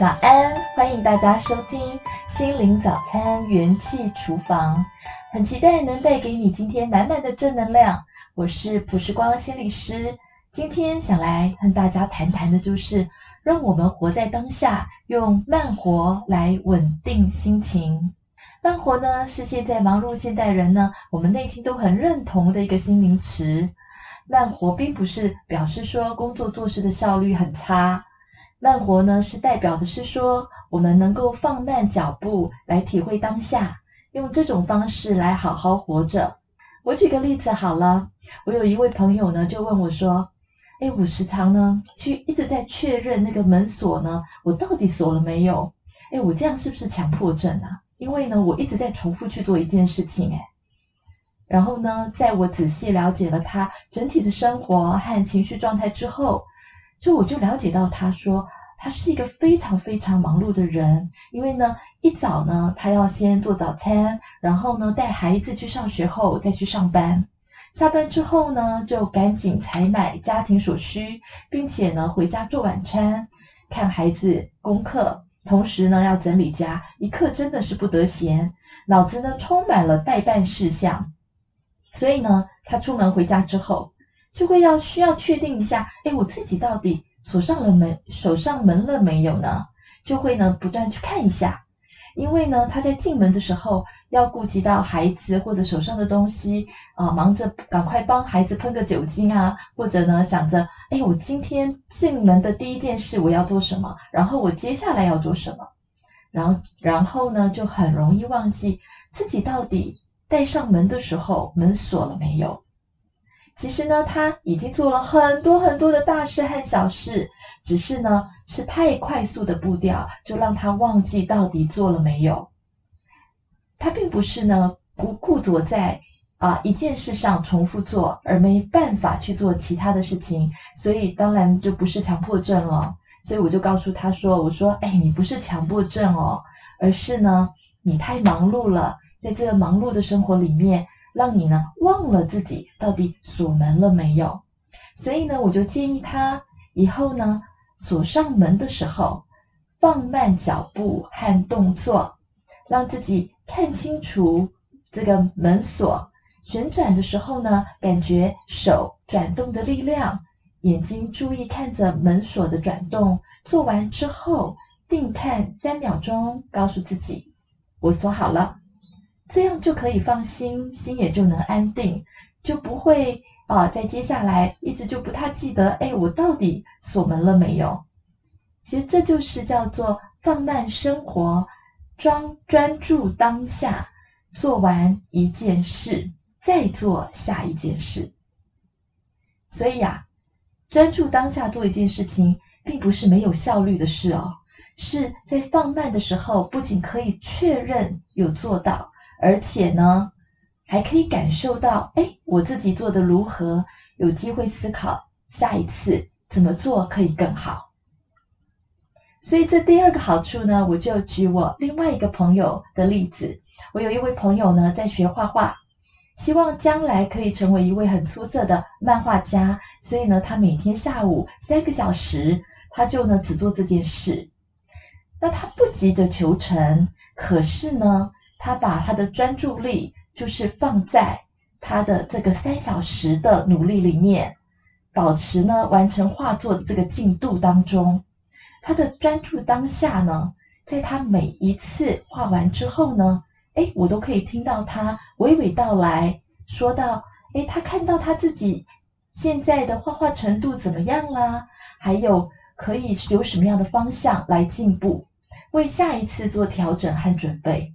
早安，歡迎大家收聽心靈早餐元氣廚房，很期待能帶給你今天滿滿的正能量。我是朴世光心理師，今天想來和大家談談的就是，讓我們活在當下，用慢活來穩定心情。慢活呢，是現在忙碌現代人呢，我們內心都很認同的一個新名詞。慢活並不是表示說工作做事的效率很差。慢活呢，是代表的是說，我們能夠放慢腳步來體會當下，用這種方式來好好活着。我舉個例子好了，我有一位朋友呢，就問我說：“哎，我時常呢去一直在確認那個門鎖呢，我到底鎖了沒有？哎，我這樣是不是強迫症啊？因為呢，我一直在重複去做一件事情誒、欸。然後呢，在我仔細了解了他整體的生活和情緒狀態之後，就我就了解到他說。”他是一個非常非常忙碌的人，因為呢，一早呢，他要先做早餐，然後呢，帶孩子去上學後再去上班。下班之後呢，就趕緊採買家庭所需，並且呢，回家做晚餐，看孩子功課，同時呢，要整理家，一刻真的是不得閒，腦子呢充滿了待辦事項。所以呢，他出門回家之後，就會要需要確定一下，誒，我自己到底。鎖上了門，鎖上門了沒有呢？就會呢不斷去看一下，因為呢他在進門的時候要顧及到孩子或者手上的東西啊、呃，忙着趕快幫孩子噴個酒精啊，或者呢想着，哎，我今天進門的第一件事我要做什麼，然後我接下來要做什麼，然後然後呢就很容易忘記自己到底帶上門的時候門鎖了沒有。其實呢，他已經做了很多很多的大事和小事，只是呢是太快速的步調，就讓他忘記到底做了沒有。他並不是呢不固著在啊一件事上重複做，而沒辦法去做其他的事情，所以當然就不是強迫症了。所以我就告訴他說：“我說，哎，你不是強迫症哦，而是呢你太忙碌了，在這個忙碌的生活裡面。”讓你呢忘了自己到底鎖門了沒有，所以呢，我就建議他以後呢鎖上門的時候，放慢腳步和動作，讓自己看清楚這個門鎖旋轉的時候呢，感覺手轉動的力量，眼睛注意看着門鎖的轉動，做完之後定看三秒鐘，告訴自己我鎖好了。這樣就可以放心，心也就能安定，就不會啊、呃，在接下來一直就不太記得，哎，我到底鎖門了沒有？其實這就是叫做放慢生活，專專注當下，做完一件事再做下一件事。所以呀、啊，專注當下做一件事情，並不是沒有效率的事哦，是在放慢的時候，不僅可以確認有做到。而且呢，還可以感受到，哎，我自己做得如何？有機會思考下一次怎麼做可以更好。所以這第二個好處呢，我就舉我另外一個朋友的例子。我有一位朋友呢，在學畫畫，希望將來可以成為一位很出色的漫畫家。所以呢，他每天下午三個小時，他就呢只做這件事。那他不急着求成，可是呢。他把他的專注力就是放在他的這個三小時的努力裡面，保持呢完成畫作的這個進度當中。他的專注當下呢，在他每一次畫完之後呢，哎，我都可以聽到他娓娓道來，說到，哎，他看到他自己現在的畫畫程度怎麼樣啦，還有可以有什麼樣的方向來進步，為下一次做調整和準備。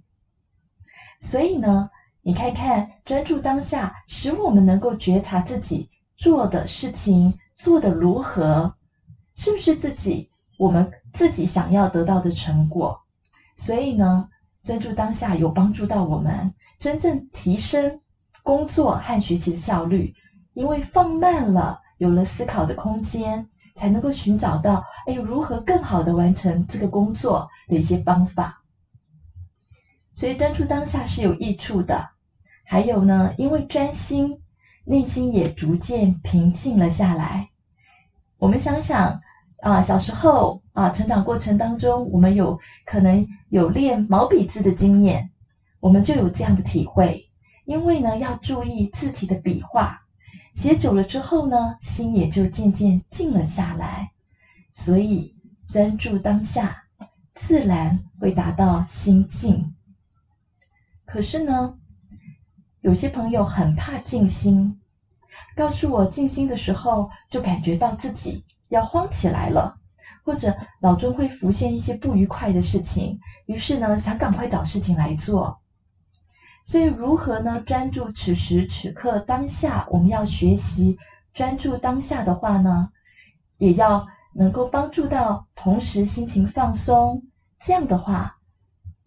所以呢，你看看專注當下，使我們能夠覺察自己做的事情做得如何，是不是自己，我們自己想要得到的成果？所以呢，專注當下有幫助到我們真正提升工作和學習的效率，因為放慢了，有了思考的空間，才能夠尋找到，哎，如何更好的完成這個工作的一些方法。所以專注當下是有益處的，還有呢，因為專心，內心也逐漸平靜了下來。我們想想啊，小時候啊，成長過程當中，我們有可能有練毛筆字的經驗，我們就有這樣的體會。因為呢，要注意字體的筆畫，寫久了之後呢，心也就漸漸靜了下來。所以專注當下，自然會達到心靜。可是呢，有些朋友很怕靜心，告訴我靜心的時候就感覺到自己要慌起來了，或者腦中會浮現一些不愉快的事情，於是呢，想趕快找事情來做。所以如何呢？專注此時此刻當下，我們要學習專注當下的話呢，也要能夠幫助到同時心情放鬆。這樣的話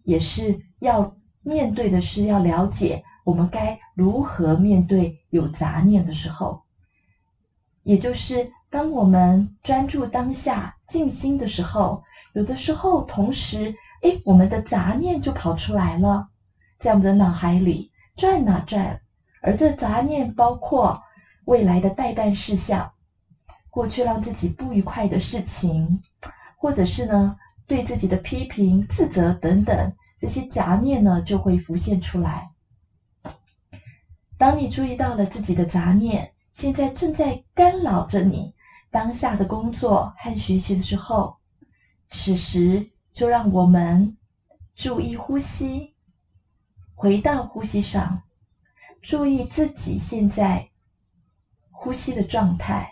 也是要。面對的是要了解我們該如何面對有雜念的時候，也就是當我們專注當下靜心的時候，有的時候同時，哎，我們的雜念就跑出來了，在我們的腦海裡轉吶轉，而這雜念包括未來的待辦事項、過去讓自己不愉快的事情，或者是呢對自己的批評、自責等等。這些雜念呢，就會浮現出來。當你注意到了自己的雜念，現在正在干擾着你當下的工作和學習的時候，此時就讓我們注意呼吸，回到呼吸上，注意自己現在呼吸的狀態，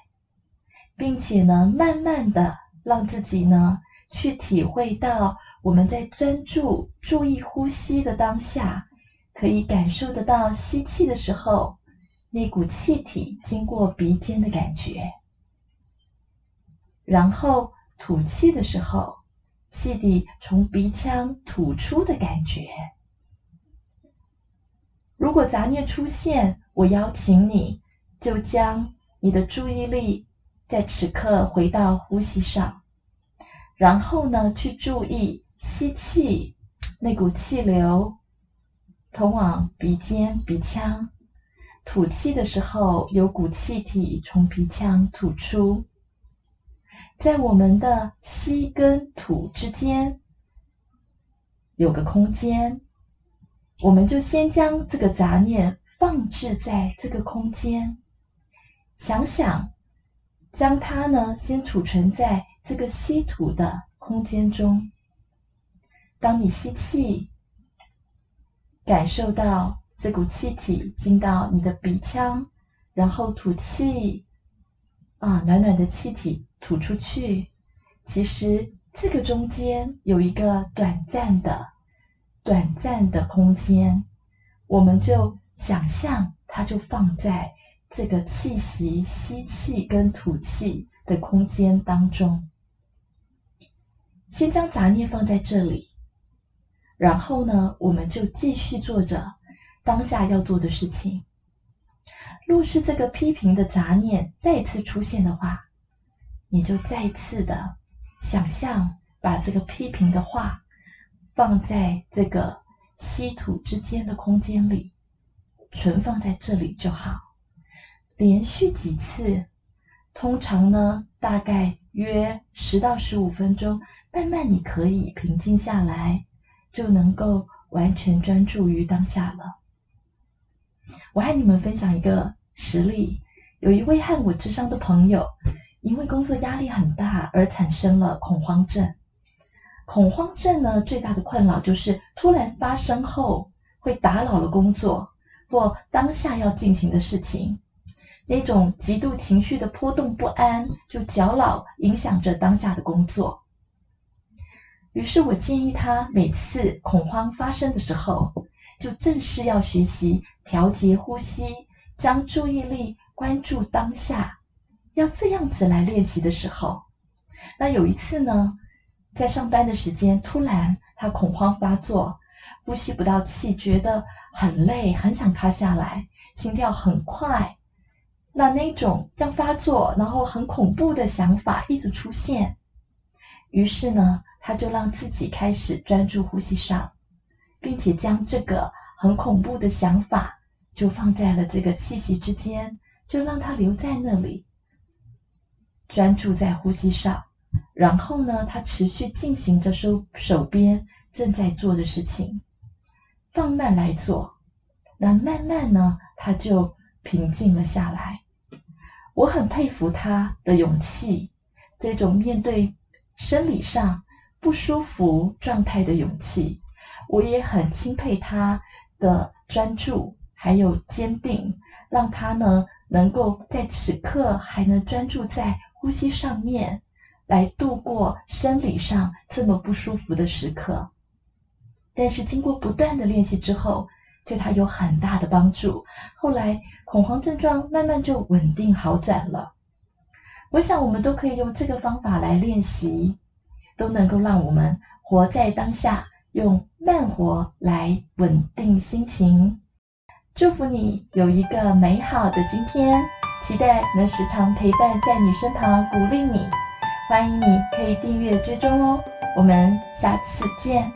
並且呢，慢慢的讓自己呢去體會到。我們在專注、注意呼吸的當下，可以感受得到吸氣的時候，那股氣體經過鼻尖的感覺；然後吐氣的時候，氣體從鼻腔吐出的感覺。如果雜念出現，我邀請你，就將你的注意力在此刻回到呼吸上，然後呢，去注意。吸氣，那股氣流通往鼻尖、鼻腔；吐氣的時候，有股氣體從鼻腔吐出。在我們的吸跟吐之間，有個空間，我們就先將這個雜念放置在這個空間，想想，將它呢先儲存在這個吸吐的空間中。當你吸氣，感受到這股氣體進到你的鼻腔，然後吐氣，啊，暖暖的氣體吐出去。其實這個中間有一個短暫的、短暫的空間，我們就想象它就放在這個氣息吸氣跟吐氣的空間當中，先將雜念放在這裡。然後呢，我們就繼續做着當下要做的事情。若是這個批評的雜念再次出現的話，你就再次的想象，把這個批評的話放在這個吸吐之間的空間裡，存放在這裡就好。連續幾次，通常呢，大概約十到十五分鐘，慢慢你可以平靜下來。就能夠完全專注於當下了。我和你們分享一個實例，有一位和我諮商的朋友，因為工作壓力很大而產生了恐慌症。恐慌症呢，最大的困擾就是突然發生後會打擾了工作或當下要進行的事情，那種極度情緒的波動不安就攪擾，影響着當下的工作。於是我建議他每次恐慌發生的時候，就正式要學習調節呼吸，將注意力關注當下，要這樣子來練習的時候。那有一次呢，在上班的時間，突然他恐慌發作，呼吸不到氣，覺得很累，很想趴下來，心跳很快，那那種要發作，然後很恐怖的想法一直出現。於是呢。他就讓自己開始專注呼吸上，並且將這個很恐怖的想法就放在了這個氣息之間，就讓他留在那裡，專注在呼吸上。然後呢，他持續進行着手手邊正在做的事情，放慢來做。那慢慢呢，他就平靜了下來。我很佩服他的勇氣，這種面對生理上。不舒服狀態的勇氣，我也很欽佩他的專注還有堅定，讓他呢能夠在此刻還能專注在呼吸上面，來度過生理上這麼不舒服的時刻。但是經過不斷的練習之後，對他有很大的幫助。後來恐慌症狀慢慢就穩定好轉了。我想我們都可以用這個方法來練習。都能夠讓我們活在當下，用慢活來穩定心情。祝福你有一個美好的今天，期待能時常陪伴在你身旁鼓勵你。歡迎你可以訂閱追蹤哦，我們下次見。